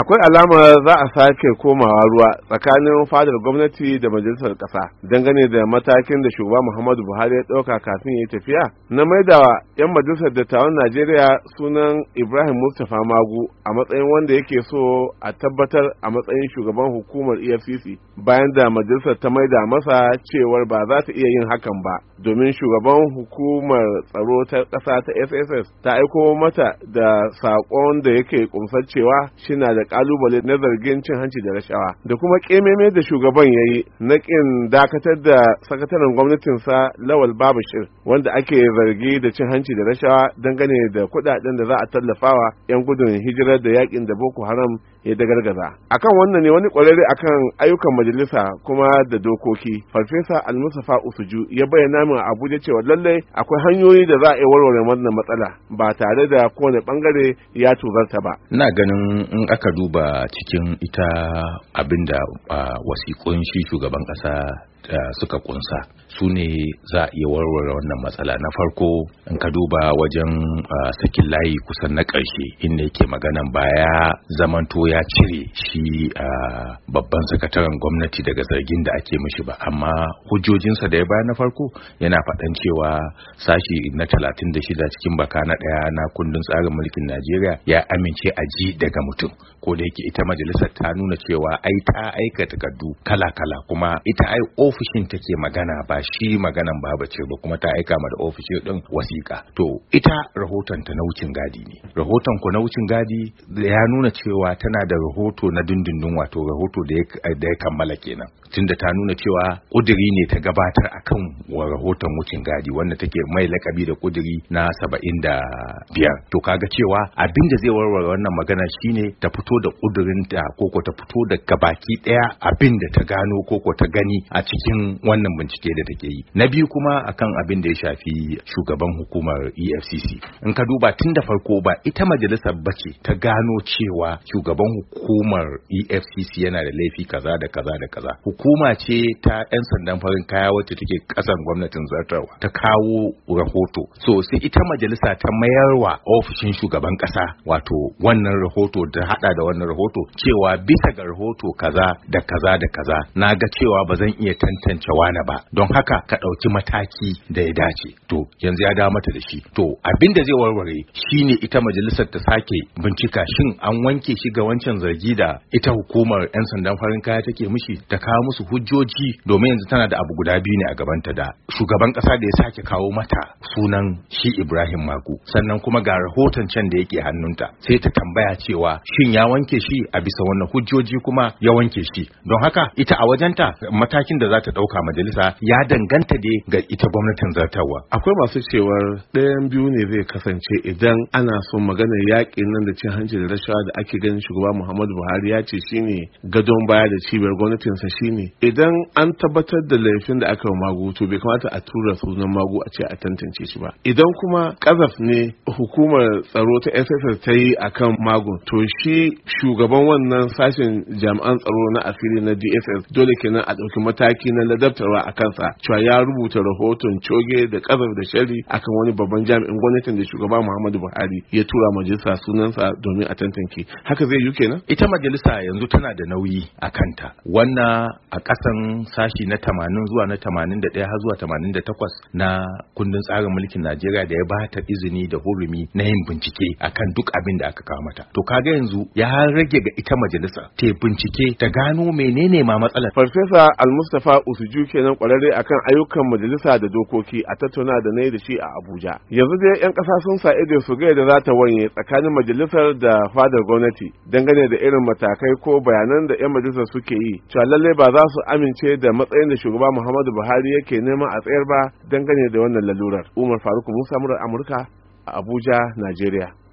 akwai alamar za a sake komawa ruwa tsakanin fadar gwamnati da majalisar kasa dangane da matakin da shugaba muhammadu buhari ya ɗauka kafin ya yi tafiya na wa 'yan majalisar dattawan najeriya sunan ibrahim mustapha magu a matsayin wanda yake so a tabbatar a matsayin shugaban hukumar efcc bayan da majalisar ta maida masa cewar ba za ta iya yin hakan ba domin shugaban hukumar tsaro ta ƙasa ta sss ta aiko mata da saƙon da yake kumsar cewa shi na da kalubale na zargin cin hanci da rashawa da kuma kememe da shugaban ya yi na kin dakatar da sakataren gwamnatinsa lawal babashir wanda ake zargi da cin hanci da rashawa dangane da kudaden da za a tallafawa 'yan gudun hijirar da yakin da boko haram ya dagargaza akan wannan ne wani kwararre akan ayyukan majalisa kuma da dokoki farfesa almusafa usuju ya bayyana min abuja cewa lallai akwai hanyoyi da za a yi warware wannan matsala ba tare da kowane bangare ya tuzarta ba na ganin in aka duba cikin ita abinda uh, ah, wasikun shi shugaban ƙasa da suka kunsa su ne za a iya warware wannan matsala na farko in ka duba wajen sakin layi kusan na ƙarshe inda yake maganan baya zamanto ya cire shi babban sakataren gwamnati daga zargin da ake mishi ba amma hujjojinsa da ya baya na farko yana faɗan cewa sashi na talatin da shida cikin baka na ɗaya na kundin tsarin mulkin najeriya ya amince a ji daga mutum ko da yake ita majalisar ta nuna cewa ai ta aika takardu kala-kala kuma ita ai ofishin take magana ba shi maganan baba ce ba kuma ta aika ma da ofishin din wasiƙa to ita rahoton ta na wucin gadi ne rahoton ku na wucin gadi ya nuna cewa tana da rahoto na dindindin wato rahoto da ya kammala kenan tunda ta nuna cewa ƙudiri ne ta gabatar akan wa rahoton wucin gadi wanda take mai lakabi da kudiri na saba'in da biyar to kaga cewa abin da zai warware wannan magana shine ta fito da ta koko ta fito da gabaki daya abin da ta gano koko ta gani a cikin cikin wannan bincike da take yi na biyu kuma akan abin da ya shafi shugaban hukumar EFCC in ka duba tun da farko ba ita majalisar bace ta gano cewa shugaban hukumar EFCC yana da laifi kaza da kaza da kaza hukuma ce ta 'yan sandan farin kaya wacce take kasan gwamnatin zartarwa ta kawo rahoto so sai ita majalisa ta mayarwa ofishin shugaban kasa wato wannan rahoto da hada da wannan rahoto cewa bisa ga rahoto kaza da kaza da kaza na ga cewa ba zan iya ta. tantance wane ba don haka ka ɗauki mataki da ya dace to yanzu ya dawo mata da shi to abin da zai warware shine ita majalisar ta sake bincika shin an wanke shi ga wancan zargi da ita hukumar 'yan sandan farin kaya take mishi ta kawo musu hujjoji domin yanzu tana da abu guda biyu ne a gabanta da shugaban ƙasa da ya sake kawo mata sunan shi Ibrahim Magu sannan kuma ga rahoton can da yake hannunta sai ta tambaya cewa shin ya wanke shi a bisa wannan hujjoji kuma ya wanke shi don haka ita a wajenta matakin da za ta ɗauka majalisa ya danganta dai ga ita gwamnatin zartarwa. Akwai masu cewar ɗayan biyu ne zai kasance idan ana son maganar yaƙin nan da cin hanci da rashawa da ake ganin shugaba Muhammadu Buhari ya ce shine gadon baya da cibiyar gwamnatinsa shine idan an tabbatar da laifin da aka magu to bai kamata a tura sunan magu a ce a tantance shi ba. Idan kuma ƙazaf ne hukumar tsaro ta SSS ta yi akan magu to shi shugaban wannan sashen jami'an tsaro na asiri na DSS dole kenan a ɗauki mataki aiki na ladabtarwa a kansa cewa ya rubuta rahoton coge da kazar da shari akan wani babban jami'in gwamnatin da shugaba Muhammadu Buhari ya tura majalisa sunansa domin a tantance haka zai yi kenan ita majalisa yanzu tana da nauyi a kanta wannan a kasan sashi na 80 zuwa na 81 har zuwa 88 na kundin tsarin mulkin Najeriya da ya ba ta izini da hurumi na yin bincike akan duk abin da aka kawo mata to kaga yanzu ya rage ga ita majalisa ta bincike ta gano menene ma matsalar farfesa al-mustafa mustapha usuju kenan kwararre akan ayyukan majalisa da dokoki a tattauna da na yi da shi a abuja yanzu dai yan ƙasa sun sa ido su ga da za ta wanye tsakanin majalisar da fadar gwamnati dangane da irin matakai ko bayanan da yan majalisar suke yi cewa lalle ba za su amince da matsayin da shugaba muhammadu buhari yake nema a tsayar ba dangane da wannan lalurar umar faruk musa murar amurka a abuja najeriya